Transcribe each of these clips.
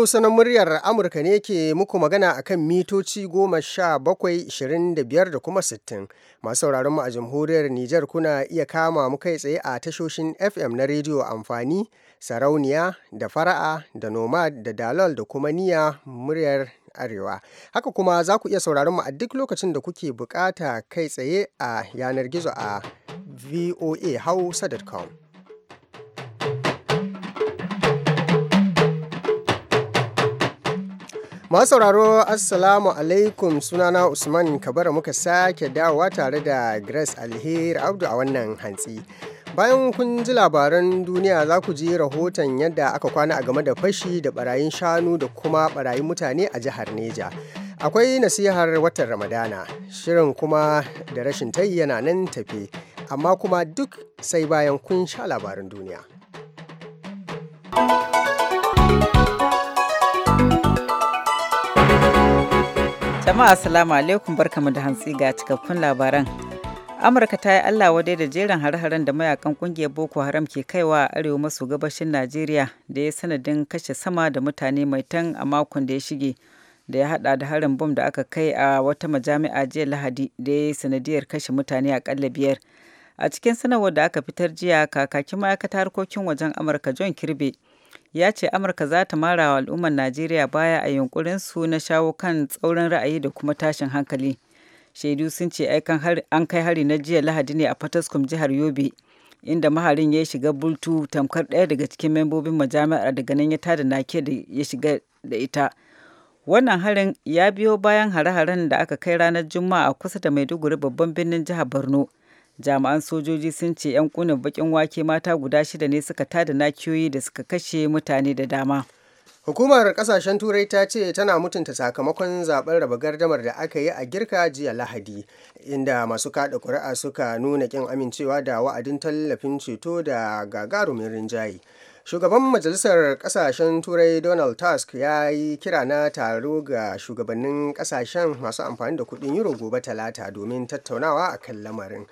Hausa muryar Amurka ne ke muku magana a kan mitoci goma sha bakwai ishirin da biyar da kuma sittin. Masu sauraron mu a jamhuriyar Nijar kuna iya kama mu kai tsaye a tashoshin FM na rediyo amfani, sarauniya, da fara'a, da nomad, da dalal da kuma niya muryar Arewa. Haka kuma za ku iya sauraron mu a duk lokacin da kuke bukata kai tsaye a yanar gizo a voahausa.com. Masu sauraro Assalamu alaikum sunana Usman Kabara muka sake dawowa tare da Grace Alheri Abdu a wannan hantsi. Bayan kun ji labaran duniya za ku ji rahoton yadda aka kwana a game da fashi da barayin shanu da kuma barayin mutane a jihar Neja. Akwai nasihar watan Ramadana, shirin kuma da rashin tayi yana nan tafe, amma kuma duk sai bayan kun sha labaran duniya. Jama'a assalamu alaikum barkamu da hantsi ga cikakkun labaran. Amurka ta yi Allah wadai da jerin har-haren da mayakan kungiyar Boko Haram ke kaiwa a arewa maso gabashin Najeriya da ya sanadin kashe sama da mutane mai tan a makon da ya shige da ya hada da harin bom da aka kai a wata majami'a jiya Lahadi da ya yi sanadiyar kashe mutane kalla biyar. A cikin sanarwar da aka fitar jiya kakakin ma'aikatar harkokin wajen Amurka John Kirby ya ce amurka za ta mara wa al'ummar najeriya baya a yunkurinsu na shawo kan tsauran ra'ayi da kuma tashin hankali shaidu sun ce an kai hari na jiya lahadi ne a fataskum jihar yobe inda maharin ya shiga bultu tamkar ɗaya daga cikin membobin majami'ar daga nan ya tada nake da ya shiga da ita wannan harin ya biyo bayan hare-haren da aka kai ranar juma'a kusa da maiduguri babban birnin jihar borno jami'an sojoji sun ce 'yan kunin bakin wake mata guda shida ne suka tada nakiyoyi da suka kashe mutane da dama hukumar kasashen turai ta ce tana mutunta sakamakon zaben raba gardamar da aka yi a girka jiya lahadi inda masu kada kuri'a suka nuna kin amincewa da wa'adin tallafin ceto da gagarumin rinjaye shugaban majalisar kasashen turai donald tusk ya yi kira na taro ga shugabannin kasashen masu amfani da kudin yuro gobe talata domin tattaunawa a kan lamarin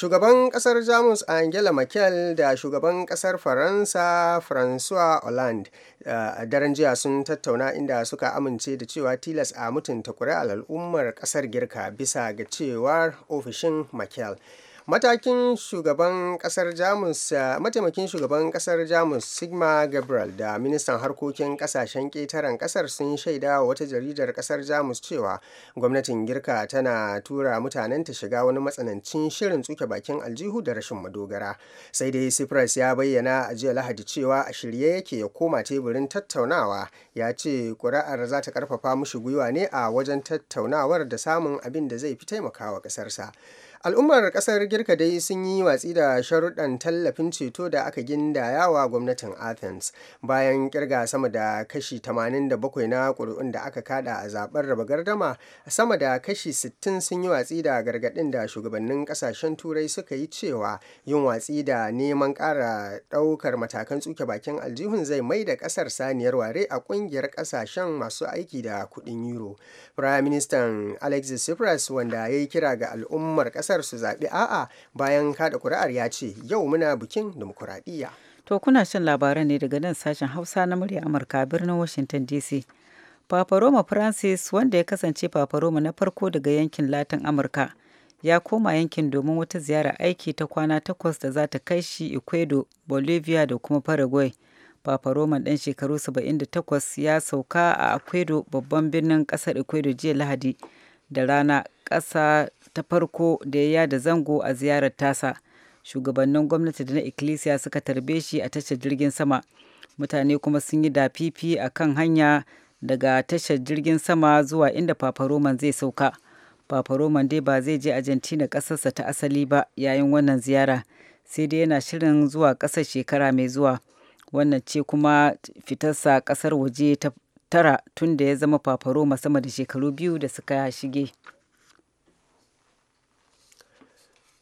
Shugaban kasar Jamus Angela Merkel da shugaban kasar Faransa François Hollande eh, a daren jiya sun tattauna inda suka amince da cewa tilas a mutunta kuri'ar al'ummar kasar Girka bisa ga cewar ofishin Merkel. matakin shugaban kasar jamus eh, mataimakin shugaban kasar jamus sigma gabriel da ministan harkokin kasashen ƙetaren kasar sun shaida wa wata jaridar kasar jamus cewa gwamnatin girka tana tura mutanen ta shiga wani matsanancin shirin tsuke bakin aljihu da rashin madogara sai dai cyprus ya bayyana a jiya lahadi cewa a shirye yake ya koma teburin tattaunawa ya ce ƙuri'ar za ta ƙarfafa mushi gwiwa ne a wajen tattaunawar da samun abin da zai fi taimakawa ƙasarsa. al'ummar ƙasar girka dai sun yi watsi da sharuɗan tallafin ceto da aka gindayawa gwamnatin athens bayan ƙirga sama da kashi 87 na ƙuri'un da aka kada a zaben raba gardama sama da kashi 60 sun yi watsi da gargaɗin da shugabannin ƙasashen turai suka yi cewa yin watsi da neman ƙara ɗaukar matakan tsuke bakin aljihun zai mai da ƙasar saniyar ware a ƙungiyar ƙasashen masu aiki da kuɗin euro prime minister alexis tsipras wanda ya yi kira ga al'ummar ƙasar kasar su zaɓi a'a bayan kaɗa ƙuri'ar ya ce yau muna bikin dimokuraɗiyya. To kuna shan labaran ne daga nan sashen Hausa na murya Amurka birnin Washington DC. Papa Roma Francis wanda ya kasance Papa Roma na farko daga yankin Latin Amurka ya koma yankin domin wata ziyara aiki ta kwana takwas da za ta kai shi Ecuador, Bolivia da kuma Paraguay. Papa Roma ɗan shekaru 78 ya sauka a Ecuador babban birnin ƙasar Ecuador jiya Lahadi da rana ƙasa ta farko da ya yada zango a ziyarar tasa shugabannin gwamnati da na ikkilisiya suka tarbe shi a tashar jirgin sama mutane kuma sun yi dafifi a kan hanya daga tashar jirgin sama zuwa inda paparoman zai sauka paparoman dai ba zai je argentina ƙasarsa ta asali ba yayin wannan ziyara sai dai yana shirin zuwa ƙasar shekara mai zuwa wannan ce kuma fitarsa ƙasar waje ta tara tun da ya zama paparoma sama da shekaru biyu da suka shige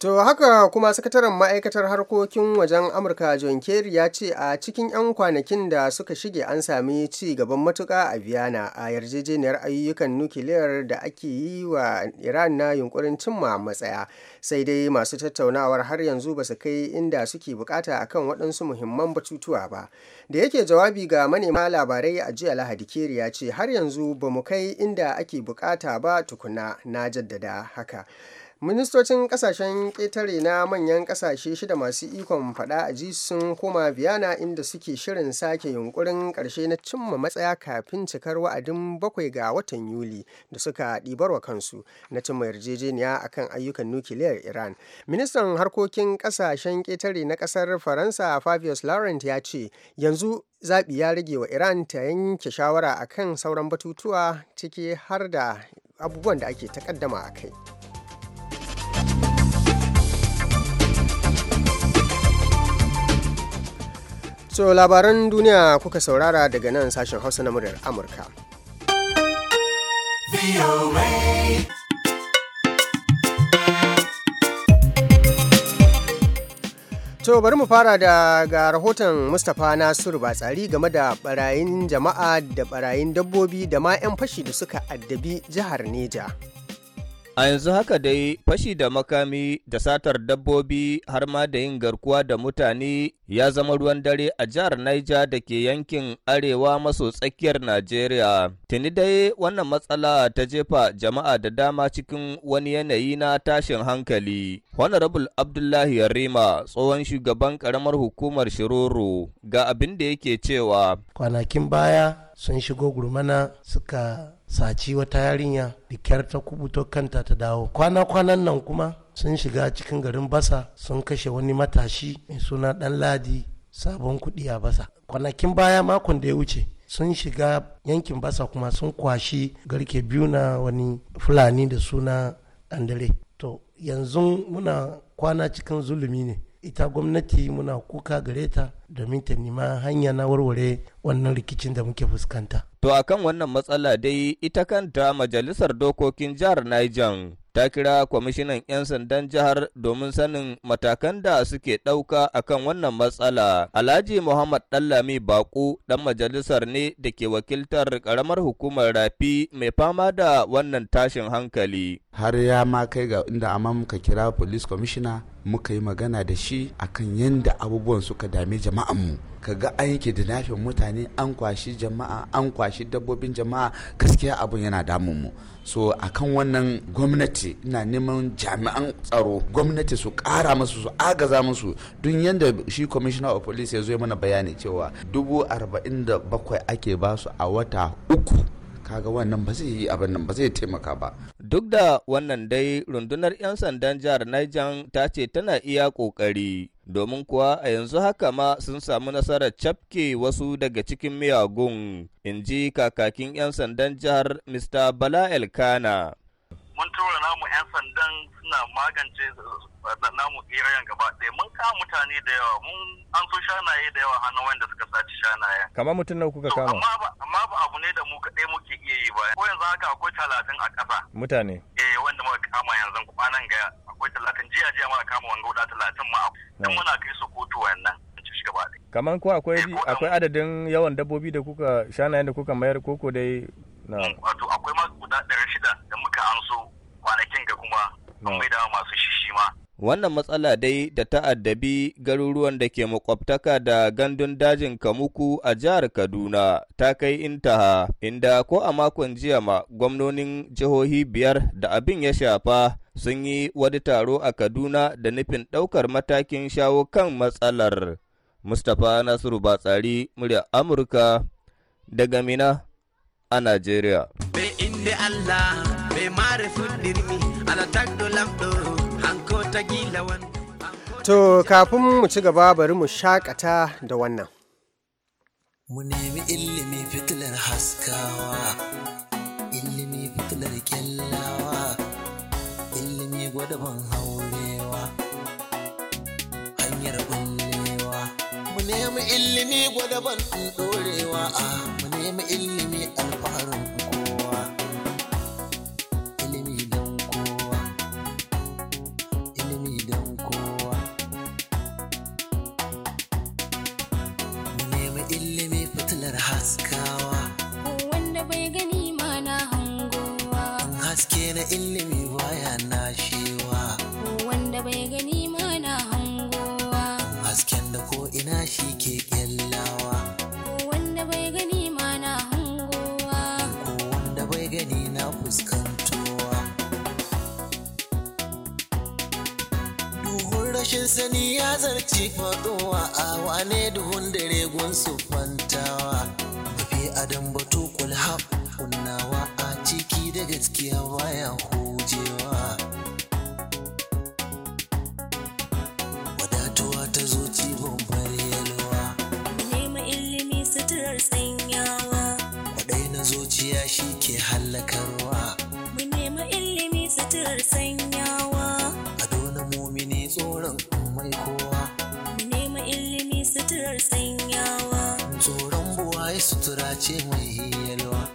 To haka kuma sakataren ma'aikatar harkokin wajen Amurka John Kerry ya ce a cikin 'yan kwanakin da suka shige an sami ci gaban matuka a Vienna a yarjejeniyar ayyukan nukiliyar da ake yi wa Iran na yunkurin cimma matsaya. Sai dai masu tattaunawar har yanzu ba su kai inda suke bukata a kan waɗansu muhimman batutuwa ba. Da yake jawabi ga manema labarai a jiya Lahadi Kerry ya ce har yanzu ba mu kai inda ake bukata ba tukuna na jaddada haka. ministocin kasashen ƙetare na manyan ƙasashe shida masu ikon faɗa a ji sun koma biyana inda suke shirin sake yunkurin ƙarshe na cimma matsaya kafin cikar wa'adin bakwai ga watan yuli da suka ɗibarwa kansu na cimma yarjejeniya akan ayyukan nukiliyar iran ministan harkokin ƙasashen ƙetare na ƙasar faransa fabius laurent ya ce yanzu zaɓi ya rage wa iran ta yanke shawara akan sauran batutuwa ciki har da abubuwan da ake takaddama a kai. To labaran duniya kuka saurara daga nan sashen Hausa na muryar Amurka. To bari mu fara daga rahoton Mustapha Nasiru Batsari game da barayin jama'a da barayin dabbobi da ma 'yan fashi da suka addabi jihar Neja. A yanzu haka dai fashi da makami da satar dabbobi har ma da yin garkuwa da mutane ya zama ruwan dare a jihar Niger da ke yankin arewa maso tsakiyar Najeriya. Tuni dai wannan matsala ta jefa jama'a da dama cikin wani yanayi na tashin hankali. Honorable Abdullahi Yarima tsohon shugaban karamar hukumar Shiroro ga abin da yake cewa. Kwanakin baya sun shigo gurmana suka saci wata yarinya da kyar ta kubuto kanta ta dawo kwana-kwanan nan kuma sun shiga cikin garin basa sun kashe wani matashi mai suna dan ladi sabon kuɗi a basa kwanakin baya makon da ya wuce sun shiga yankin basa kuma sun kwashi garke biyu na wani fulani da suna andare to yanzu muna kwana cikin zulumi ne ita gwamnati muna kuka gare ta domin ta nima hanya na warware wannan rikicin da muke fuskanta. To akan wannan matsala dai ita kanta majalisar dokokin jihar Niger ta kira kwamishinan 'yan sandan jihar domin sanin matakan da suke ɗauka kan wannan matsala. Alhaji Muhammad Dallami Baku ɗan majalisar ne da ke wakiltar ƙaramar hukumar rafi mai fama da wannan tashin hankali. Har ya ma kai ga inda amma muka kira police commissioner muka yi magana da shi akan yadda abubuwan suka dame jama'anmu ka an yake da nafin mutane an kwashi jama'a an kwashi dabbobin jama'a gaskiya abun yana damun mu so akan wannan gwamnati ina neman jami'an tsaro gwamnati su kara musu su agaza musu don yadda shi commissioner of police ya zo mana bayani cewa dubu arba'in da bakwai ake basu a wata uku kaga wannan ba zai yi abin nan ba zai taimaka ba duk da wannan dai rundunar 'yan sandan jihar Niger ta ce tana iya kokari domin kuwa a yanzu haka ma sun samu nasarar cafke wasu daga cikin miyagun in ji kakakin 'yan sandan jihar mr bala elkana mun tura namu 'yan sandan suna magance eh, namu iriyan gaba ɗaya mun kama mutane da yawa mun an so shanaye da yawa hannun wanda suka saci shanaye kamar mutum nawa kuka kama amma ba abu ne da mu kaɗai muke iya yi ba ko yanzu haka akwai talatin a ƙasa mutane eh wanda muka kama yanzu kwanan ga akwai talatin jiya jiya muka kama wanga guda talatin ma dan muna kai su kotu wannan kamar ko akwai eh, akwai adadin yawan dabbobi da kuka shanayen da kuka mayar koko dai na masu shishi Wannan matsala dai da ta'addabi garuruwan da ke makwabtaka da gandun dajin Kamuku a jihar Kaduna ta kai intaha, inda ko a makon jiya ma gwamnonin jihohi biyar da abin ya shafa sun yi wani taro a Kaduna da nufin ɗaukar matakin shawo kan matsalar. Mustapha Nasiru Batsari, murya Amurka, daga Mina a Najeriya. hanko to kafin mu ci gaba bari mu shakata da wannan mu nemi ilimi fitilar haskawa ilimi fitilar kyallawa ilimi gwada ban haurewa hanyar bullewa mu nemi ilimi gwada ban dorewa ah, mu nemi ilimi alfaharin Rashin sani ya zarci faɗowa a wane duhun dare gunsu fantawa. Mafi adam batu kulhab kunnawa a ciki da gaskiya baya hujewa. Wadatuwa ta zo bambar Nema ilimi suturar sanyawa. Kwadai na zuciya shi ke hallakarwa. ce mai yalwa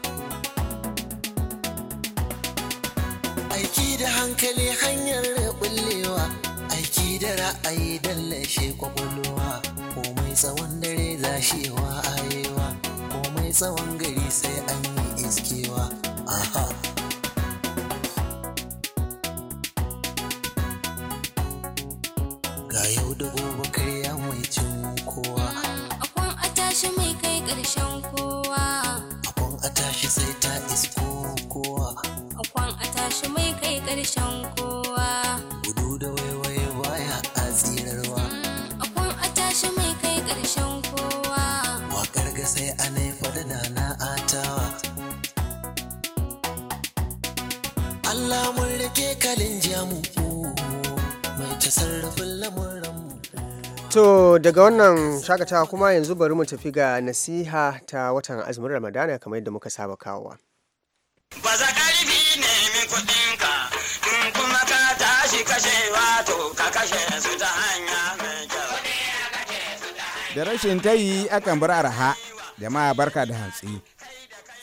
aiki da hankali hanyar kullewa aiki da ra'ayi dallashe kwakwalwa komai tsawon dare zashewa ayewa komai tsawon gari sai an yi iskewa aha ga yau da gobe karya mai cin kowa akwai a tashi mai kai ƙarshen kowa atashi sai ta isko kowa akwan atashi mai kai karshen kowa gudu da waiwaye baya mm, a zirarwa akwan atashi mai kai karshen kowa wakar ga sai a naifa da nana atawa Allah mun rike kalin jamu mai tasarrafin lamar To daga wannan shakatawa kuma yanzu bari mu tafi ga nasiha ta watan azumin Ramadana kamar yadda muka saba kawowa. da rashin ta hanya tayi akan bar araha, jama'a barka da hantsi.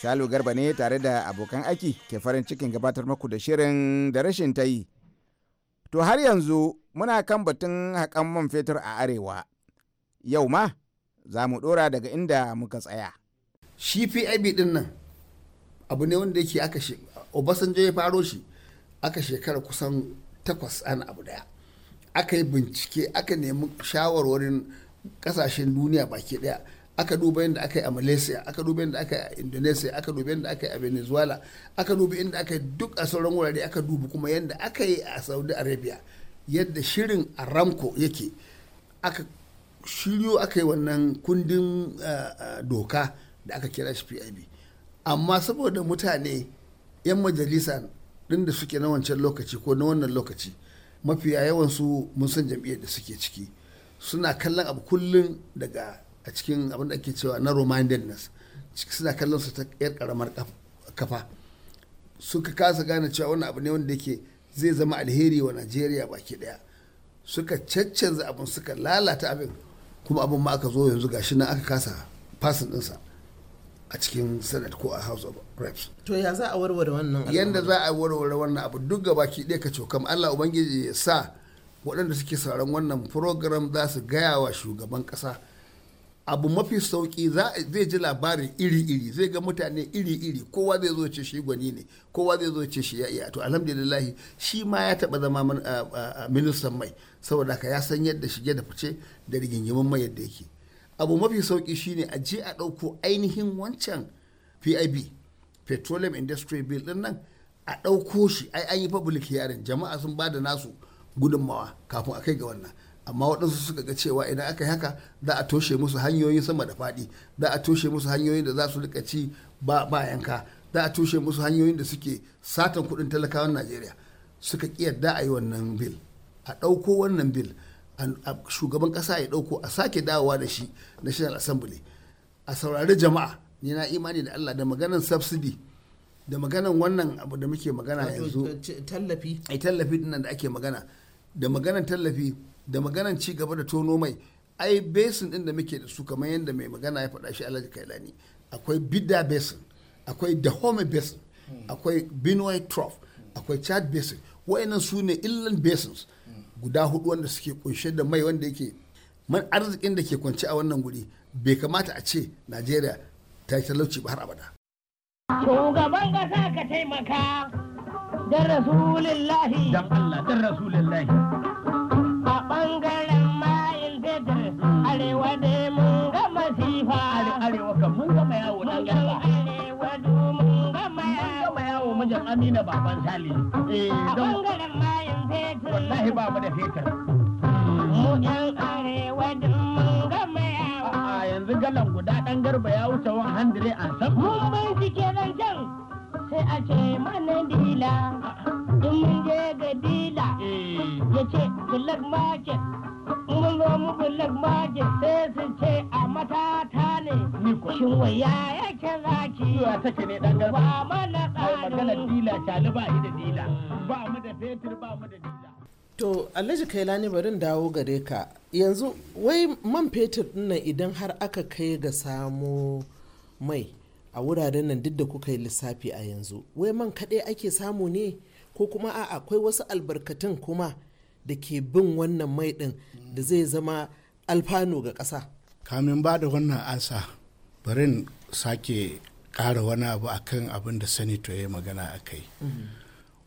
Salu Garba ne tare da abokan aiki ke farin cikin gabatar maku da shirin da rashin ta yi. To har yanzu muna kan batun haƙan man fetur a arewa. Yau ma za mu ɗora daga inda muka tsaya. Shi aibi ɗin nan abu ne wanda yake aka shi Obasanjo ya faro shi aka shekara kusan takwas ana abu daya. Aka yi bincike aka nemi shawarwarin ƙasashen duniya baki ɗaya. aka duba yadda aka yi a malaysia aka duba yadda aka yi a indonesia aka duba yadda aka yi a venezuela aka duba yadda aka yi duk a sauran wurare aka duba kuma yadda aka yi a saudi arabia yadda shirin aramco yake aka shiryo aka yi wannan kundin eh, eh, doka da aka kira shi pib amma saboda mutane 'yan majalisa din da suke na wancan lokaci ko na wannan lokaci mafiya yawansu mun san jam'iyyar da suke ciki suna kallon abu kullum daga a cikin abin da ake cewa na romandedness suna kallon su ta yar karamar kafa suka kasa gane cewa wani abu ne wanda yake zai zama alheri wa najeriya baki daya suka caccanza abin suka lalata abin kuma abin ma aka zo yanzu gashi na aka kasa fasin dinsa a cikin senate ko a house of reps to ya za a warware wannan yanda za a warware wannan abu duk ga baki ɗaya ka cokam allah ubangiji ya sa waɗanda suke sauran wannan program za su gaya wa shugaban kasa. abu mafi sauki zai ji labarin iri-iri zai ga mutane iri-iri kowa zai zo ce shi gwani ne kowa zai zo ce shi ya iya to alhamdulillah shi ma ya taba zama ministan mai saboda ka ya san yadda shige da fice da rigingimin mai yadda yake abu mafi sauki shine a je a ɗauko ainihin wancan pib petroleum industry bill din nan a ɗauko shi ai an yi public hearing jama'a sun ba da nasu gudunmawa kafin a kai ga wannan amma waɗansu suka ga cewa idan aka yi haka za a toshe musu hanyoyin sama da faɗi za a toshe musu hanyoyin da za su rika ci ba yanka za a toshe musu hanyoyin da suke satan kuɗin talakawan najeriya suka ki yadda a yi wannan bil a ɗauko wannan bil a shugaban ƙasa ya ɗauko a sake dawowa da shi national assembly a saurari jama'a ni na imani da allah da maganan subsidy da maganan wannan abu da muke magana yanzu tallafi ai tallafi dinnan da ake magana da maganan tallafi da maganan ci gaba da tono mai ai basin din da muke da su kamar yadda mai magana ya faɗa shi alhaji kailani akwai bidda basin akwai dahome basin akwai benue trough akwai chad basin wayannan su ne inland basins guda hudu wanda suke kunshe da mai wanda yake man arzikin da ke kwance a wannan guri bai kamata a ce najeriya ta yi talauci ba har abada shugaban kasa ka taimaka da rasulillahi dan allah dan rasulillahi Amina baban Sale. Eh, a bangaren mayan fetur. Wallahi ba mu da fetur. Mu yan arewa dun mun gama yawa. A yanzu galan guda ɗan garba ya wuce handire an san. Mun bincike nan can sai a ce mana dila. In mun je ga dila. Eh. Ya ce, Black Market. samu bullet sai ce a matata ne shin waya yake zaki zuwa take ne dan ba mana tsarin magana dila shali ba da dila ba mu da fetur ba mu da dila to alhaji kailani barin dawo gare ka yanzu wai man fetur dinnan idan har aka kai ga samo mai a wuraren nan duk da kuka yi lissafi a yanzu wai man kaɗai ake samu ne ko kuma a akwai wasu albarkatun kuma da ke bin wannan mai ɗin da zai zama alfano ga ƙasa kamin ba da wannan ansa barin sake ƙara wani abu akan abin da senator ya magana a kai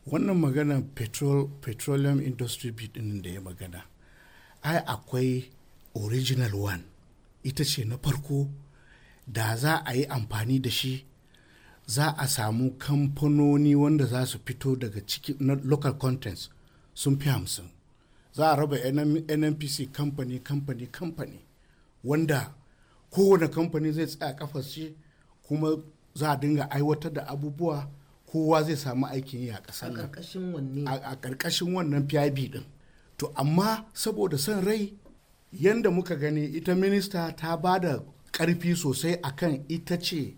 wannan magana petrol, petroleum industry ɗin da ya magana ai akwai original one ita ce na farko da za a yi amfani da shi za a samu kamfanoni wanda za su fito daga ciki na local contents sun fi hamsin za a raba nnpc kamfani kamfani kamfani wanda kowane kamfani zai tsaya kafar shi kuma za a dinga aiwatar da abubuwa kowa zai samu aikin yi a ƙasar a ƙarƙashin wannan pib din to amma saboda son rai yadda muka gani ita minista ta ba da ƙarfi sosai akan ita ce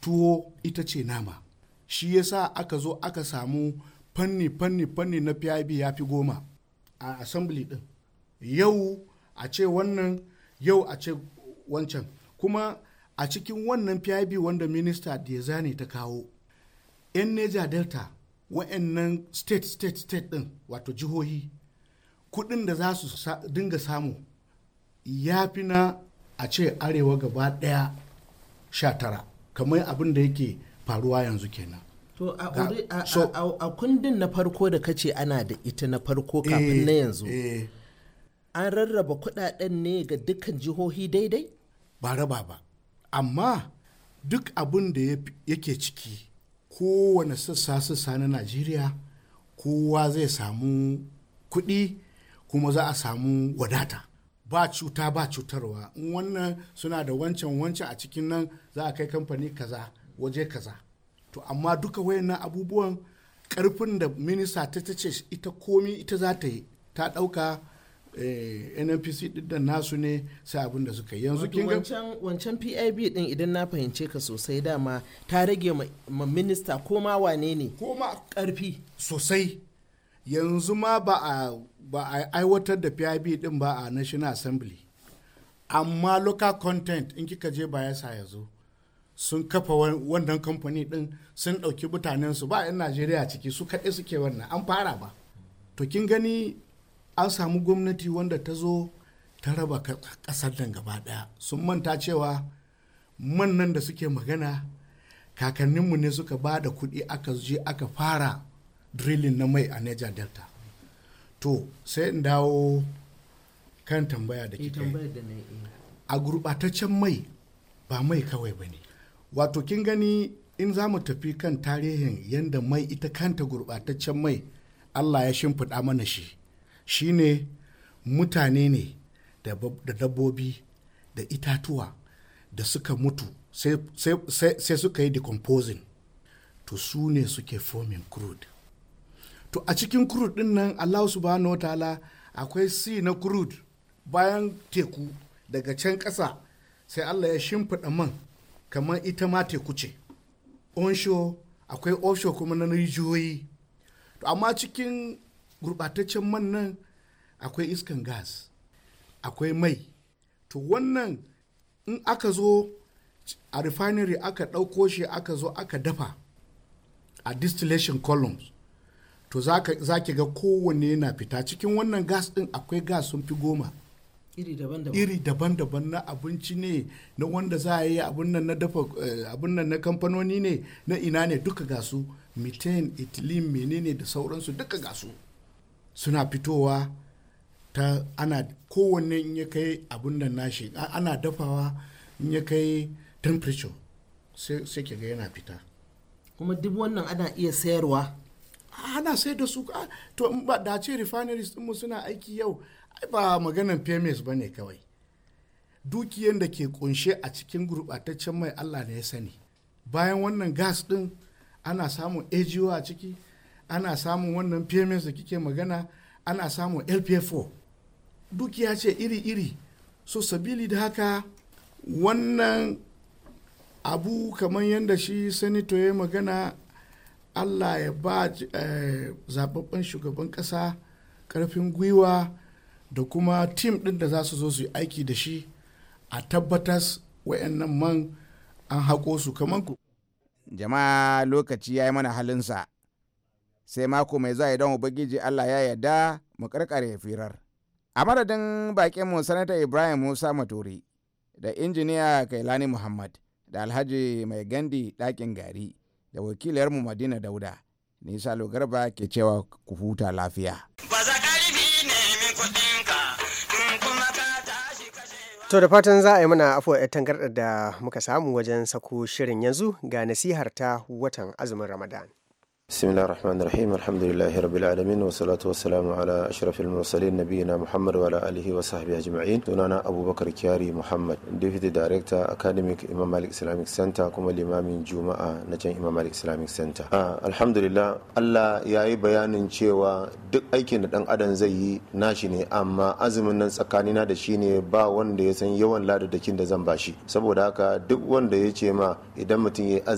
tuwo ita ce nama shi yasa aka zo aka samu fanni fanni fanni na pib ya fi goma a assembly din yau a ce wannan yau a ce wancan kuma a cikin wannan pib wanda minista da zane ta kawo 'yan neja delta wa'annan state state state din wato jihohi kudin da za su dinga samu ya fi na a ce arewa gaba daya tara kamar abin da yake faruwa yanzu kenan To a kundin na farko da kace ana da ita na farko eh, kafin na yanzu. Eh. An rarraba kudaden ne ga dukkan jihohi daidai? Ba raba ba. Amma duk abin da yake ciki kowane sassa sassa na Najeriya kowa zai samu kuɗi kuma za a samu wadata. ba cuta ba cutarwa in wannan suna da wancan wancan a cikin nan za a kai kamfani kaza waje kaza to amma duka wayannan abubuwan karfin da minista ta ce ita komi ita za ta yi ta ɗauka eh, nnpc din da nasu ne sai abin da suka yanzu kin wancan pib din idan na fahimce ka sosai dama ta rage ma minista ko ma wane ne ko ma karfi sosai yanzu ma ba a ba a aiwatar da pib din ba a national assembly amma local content in kika je ya yanzu sun kafa wannan kamfani din sun ɗauki mutanen su ba 'yan najeriya ciki su kaɗe suke wannan an fara ba to kin gani an samu gwamnati wanda ta zo ta raba ƙasar nan gaba ɗaya sun manta cewa mannan da suke magana kakanninmu ne suka ba da kuɗi aka je aka fara drilling na mai a niger delta to sai in dawo kan tambaya da kika a gurɓataccen mai ba mai kawai ba ne wato kin gani in za mu tafi kan tarihin yadda mai ita kanta gurɓataccen mai allah ya shimfiɗa mana shi shine mutane ne da dabbobi da itatuwa da suka mutu sai suka yi decomposing to su ne suke forming crude to a cikin crude din nan allah subhanahu wa ta'ala akwai si na crude bayan teku daga can ƙasa sai allah ya shimfiɗa man kamar ita ma teku ce onshore akwai offshore kuma na rijiyoyi to amma cikin gurɓataccen man nan akwai iskan gas akwai mai to wannan in aka zo a refinery aka ɗauko shi aka zo aka dafa a distillation columns to za ki ga kowanne yana fita cikin wannan gas ɗin akwai gas sun fi goma iri daban-daban na abinci ne na wanda za a yi abin nan na dafa eh, abin nan na kamfanoni ne na ina ne duka gasu methane ethylene menene da sauransu duka gasu suna fitowa ta ana kowanne in ya kai abin nan nashi ana dafawa in ya kai temperature sai ke ga yana fita kuma duk wannan ana iya sayarwa ana sai da su to ba da ce refineries mu suna aiki yau ba maganan PMS ba ne kawai dukiyan da ke kunshe a cikin gurbataccen mai Allah ne ya sani bayan wannan gas ɗin ana samun AGO a ciki ana samun wannan PMS da kike magana ana samun LPF4 dukiya ce iri-iri so sabili da haka wannan abu kamar yadda shi sanito ya magana Allah ya ba eh, zababben shugaban ƙasa ƙarfin gwiwa da kuma tim din da za su zo su yi aiki da shi a tabbatar wayannan man an haƙo su kamar ku. jama'a lokaci ya yi mana halinsa sai mako mai za a don ubangiji allah ya yarda mu karkare firar a madadin bakin mu sanata ibrahim musa maturi da injiniya kailani muhammad da alhaji mai gandi ɗakin gari da wakiliyar mu madina dauda nisa garba ke cewa ku huta lafiya. To da fatan za a yi mana afuwa 'yar tangarɗar da muka samu wajen sako shirin yanzu ga nasihar ta watan azumin Ramadan. بسم الله الرحمن الرحيم الحمد لله رب العالمين والصلاة والسلام على أشرف المرسلين نبينا محمد وعلى آله وصحبه أجمعين دونانا أبو بكر كياري محمد ديفيد داريكتا أكاديميك إمام مالك إسلاميك سنتا كما الإمام جمعة نجان إمام مالك إسلاميك سنتا آه الحمد لله الله يأي بيان cewa دك aikin da dan adam zai yi nashi ne amma azumin nan tsakanina da سن يوان ba دكين ya باشي سبو داكا دك zan bashi saboda haka duk wanda ya ce ma idan mutum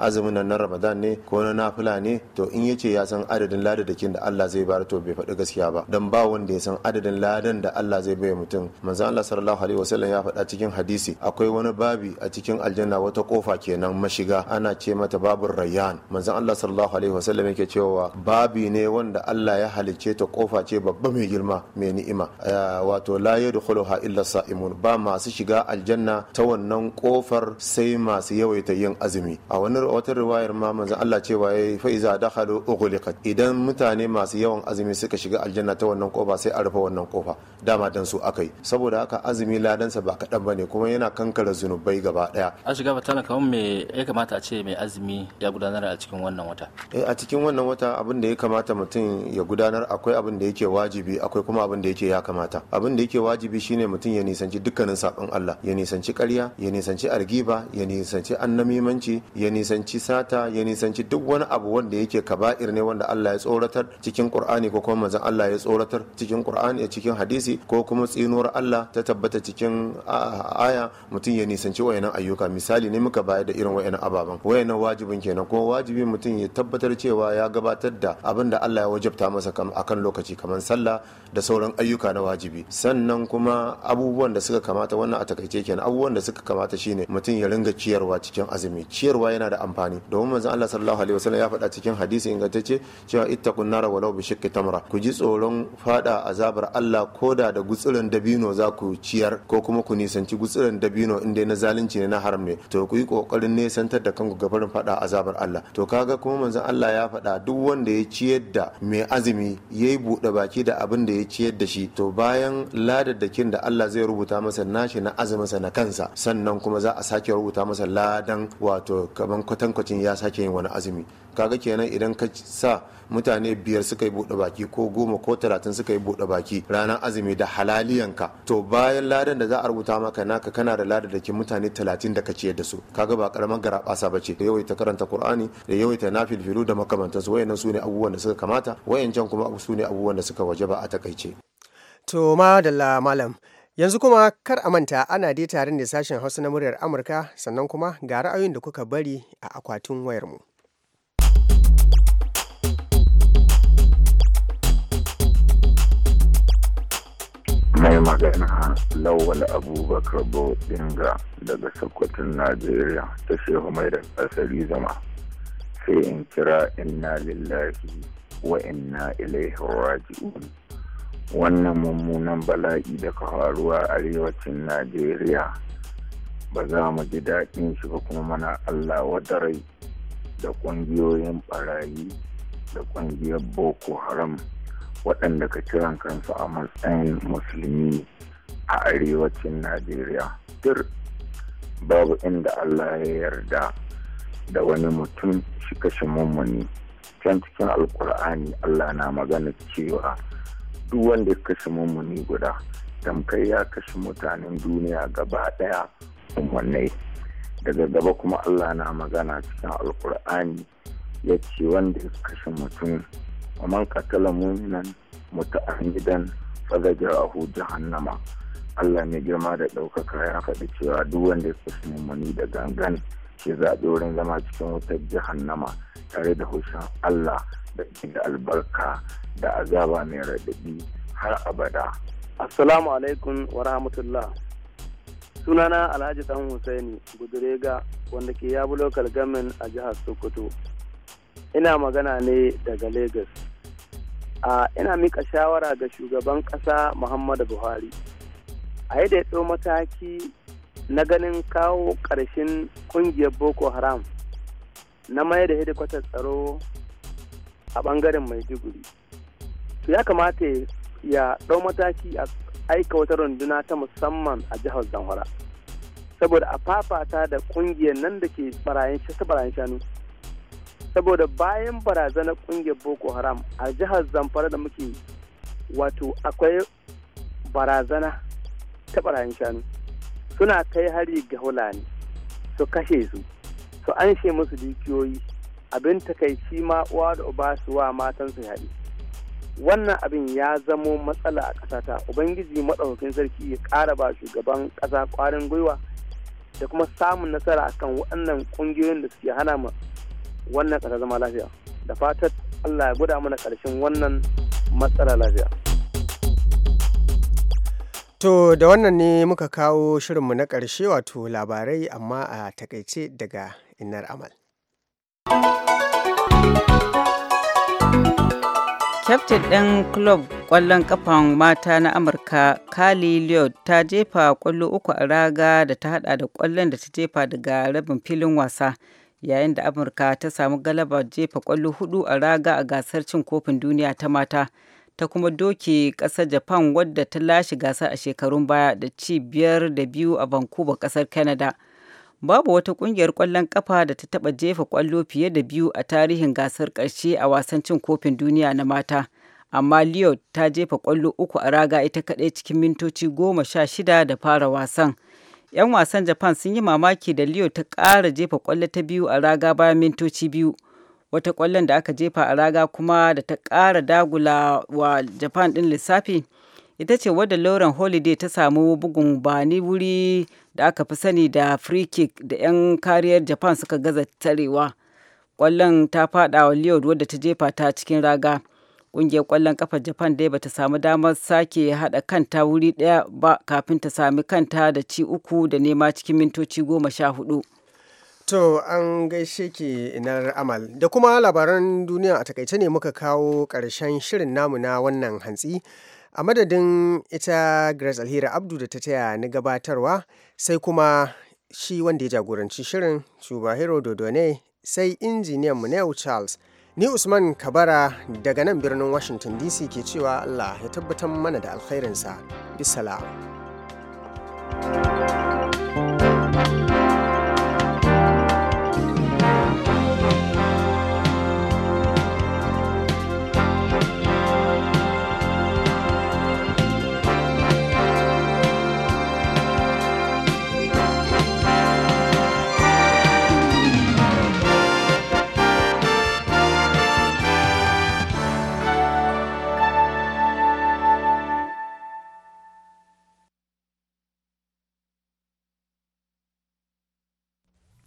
azumin nan na ramadan ne ko na nafila ne to in yace ya san adadin ladadakin da Allah zai bayar to bai faɗi gaskiya ba dan ba wanda ya san adadin ladan da Allah zai bai mutum manzo Allah sallallahu alaihi wasallam ya faɗa cikin hadisi akwai wani babi a cikin aljanna wata kofa kenan mashiga ana ce mata babur rayyan manzo Allah sallallahu alaihi wasallam yake cewa babi ne wanda Allah ya halicce ta kofa ce babba mai girma mai ni'ima eh, wato la yadkhuluha illa sa'imun ba masu shiga aljanna ta wannan kofar sai masu yawaita yin azumi a wani wata riwayar ma manzon Allah cewa yayi fa iza dakhalu ughliqat idan mutane masu yawan azumi suka shiga aljanna ta wannan kofa sai a rufe wannan kofa dama dan su yi saboda haka azumi ladansa ba kaɗan ba ne kuma yana kankara zunubai gaba ɗaya an shiga tana kawai me ya kamata a ce mai azumi ya gudanar a cikin wannan wata eh a cikin wannan wata abin da ya kamata mutum ya gudanar akwai abin da yake wajibi akwai kuma abin da yake ya kamata abin da yake wajibi shine mutum ya nisanci dukkanin saɓin Allah ya nisanci ƙarya ya nisanci argiba ya nisanci annamimanci ya nisanci nisanci sata ya nisanci duk wani abu wanda yake kaba'ir ne wanda Allah ya tsoratar cikin Qur'ani ko kuma manzon Allah ya tsoratar cikin Qur'ani cikin hadisi ko kuma tsinuwar Allah ta tabbata cikin aya mutum ya nisanci wayannan ayyuka misali ne muka bayar da irin wayannan ababan wayannan wajibin kenan ko wajibi mutum ya tabbatar cewa ya gabatar da abin da Allah ya wajabta masa akan lokaci kamar sallah da sauran ayyuka na wajibi sannan kuma abubuwan da suka kamata wannan a takaice kenan abubuwan da suka kamata shine mutum ya ringa ciyarwa cikin azumi ciyarwa yana da amfani domin manzon Allah sallallahu alaihi wasallam ya faɗa cikin hadisi ingantacce cewa ittaqun nar walau bi shiqqi tamra ku ji tsoron fada azabar Allah koda da gutsuran dabino za ku ciyar ko kuma ku nisanci gutsuran dabino in dai na zalunci ne na haram ne to ku yi kokarin nesantar da kanku gabarin fada azabar Allah to kaga kuma manzon Allah ya faɗa duk wanda ya ciyar da mai azumi yayi buɗe baki da abin da ya ciyar da shi to bayan ladadakin da Allah zai rubuta masa nashi na azumin sa na kansa sannan kuma za a sake rubuta masa ladan wato kaman kwatankwacin ya sake yin wani azumi kaga kenan idan ka sa mutane biyar suka yi buɗe baki ko goma ko talatin suka yi buɗe baki ranar azumi da halaliyanka to bayan ladan da za a rubuta maka naka kana da ladan da ke mutane talatin da ka ciyar da su kaga ba karamar garabasa ba ce da yawaita karanta kur'ani da yawaita filfilu da makamantansu wayannan su ne abubuwan da suka kamata wayancan kuma su ne abubuwan da suka waje ba a takaice to madalla malam Yanzu kuma kar a manta ana dai tare da sashen Hausa na muryar Amurka sannan kuma ga ra'ayoyin da kuka bari a akwatin wayar mu Mai magana Lawal Abubakar Bodinga daga Sokoton Najeriya ta shehu mai da asali zama. Sai in kira inna lillahi wa inna ilaihi raji'un. wannan mummunan bala'i da ka faruwa a arewacin najeriya ba za mu ji daɗin shi ba kuma mana allah wata rai da ƙungiyoyin ɓarayi da ƙungiyar boko haram waɗanda ka kiran kansu a matsayin musulmi a arewacin najeriya tur babu inda allah ya yarda da wani mutum shi kashe mummuni can cikin alkur'ani allah na magana cewa duk wanda ya kashe mummuni guda tamkai ya kashe mutanen duniya gaba daya umarnai daga gaba kuma allah na magana cikin alkur'ani ya ce wanda ya kashe mutum man katala muminan muta'ammidan fagajarahu jahannama allah mai girma da ɗaukaka ya faɗi cewa duk wanda ya kashe mummuni da gangan ke zaɓe wurin zama cikin wutar jahannama tare da hushin Allah da da albarka da azaba mai raɗaɗi har abada. Assalamu alaikum wa rahmatullah. Sunana Alhaji ɗan Husaini Budurega wanda ke yabu lokal gamin a jihar Sokoto. Ina magana ne daga Legas. A ina mika shawara ga shugaban ƙasa Muhammadu Buhari. A yi da ya mataki na ganin kawo ƙarshen ƙungiyar boko haram na mayar da hedikwatar tsaro a ɓangaren maiduguri to ya kamata ya ɗau mataki a aika wata runduna ta musamman a jihar zamfara saboda a fafata da ƙungiyar nan da ke barayin shanu saboda bayan barazanar ƙungiyar boko haram a jihar zamfara da muke wato akwai barazana ta barayin shanu suna kai hari ga hulani su kashe su su anshe musu dukiyoyi abin takaici ma uwa da uba su wa matansu yaɗi wannan abin ya zamo matsala a ƙasata ubangiji maɗaukakin sarki ya ƙara ba shugaban ƙasa ƙwarin gwiwa da kuma samun nasara akan waɗannan ƙungiyoyin da suke hana mu wannan ƙasa zama lafiya da fatar allah ya guda mana ƙarshen wannan matsala lafiya To da wannan ne muka kawo shirinmu na ƙarshe wato labarai amma a takaice daga Innar Amal. Kyaftin ɗin club ƙwallon ƙafan mata na Amurka, Kali Lloyd ta jefa ƙwallo uku a raga da ta hada da ƙwallon da ta jefa daga rabin filin wasa. Yayin da Amurka ta samu galaba jefa ƙwallo hudu a raga a gasar cin kofin duniya ta mata. ta kuma doke ƙasar Japan wadda ta lashe gasa a shekarun baya da ci biyar da biyu a Vancouver kasar Canada. Babu wata kungiyar kwallon kafa da ta taba jefa kwallo fiye da biyu a tarihin gasar karshe a wasan cin kofin duniya na mata. Amma Leo ta jefa kwallo uku a raga ita kaɗai cikin mintoci goma sha shida da fara wasan. 'Yan wasan Japan sun yi mamaki da Leo ta ƙara jefa kwallo ta biyu a raga bayan mintoci biyu. wata kwallon da aka jefa a raga kuma da ta kara dagula wa japan din lissafi ita ce wadda lauren holiday ta samu bugun bani wuri da aka fi sani da free kick da 'yan kariyar japan suka gaza tarewa kwallon ta fada wa leod wadda ta jefa ta cikin raga ƙungiyar kwallon kafar japan dai bata samu damar sake hada kanta wuri daya ba kafin ta sami kanta da ci uku da nema cikin mintoci goma sha hudu To an gaishe ke inar amal da kuma labaran duniya a takaice ne muka kawo karshen shirin namu na wannan hantsi. A madadin ita Grace Alhira Abdu da ta taya ni gabatarwa sai kuma shi wanda ya jagoranci shirin Shubahiro Dodone sai injiniyan mu Neo Charles. Ni Usman Kabara daga nan birnin Washington DC ke cewa Allah ya tabbatar mana da alkhairinsa. Bisalam. thank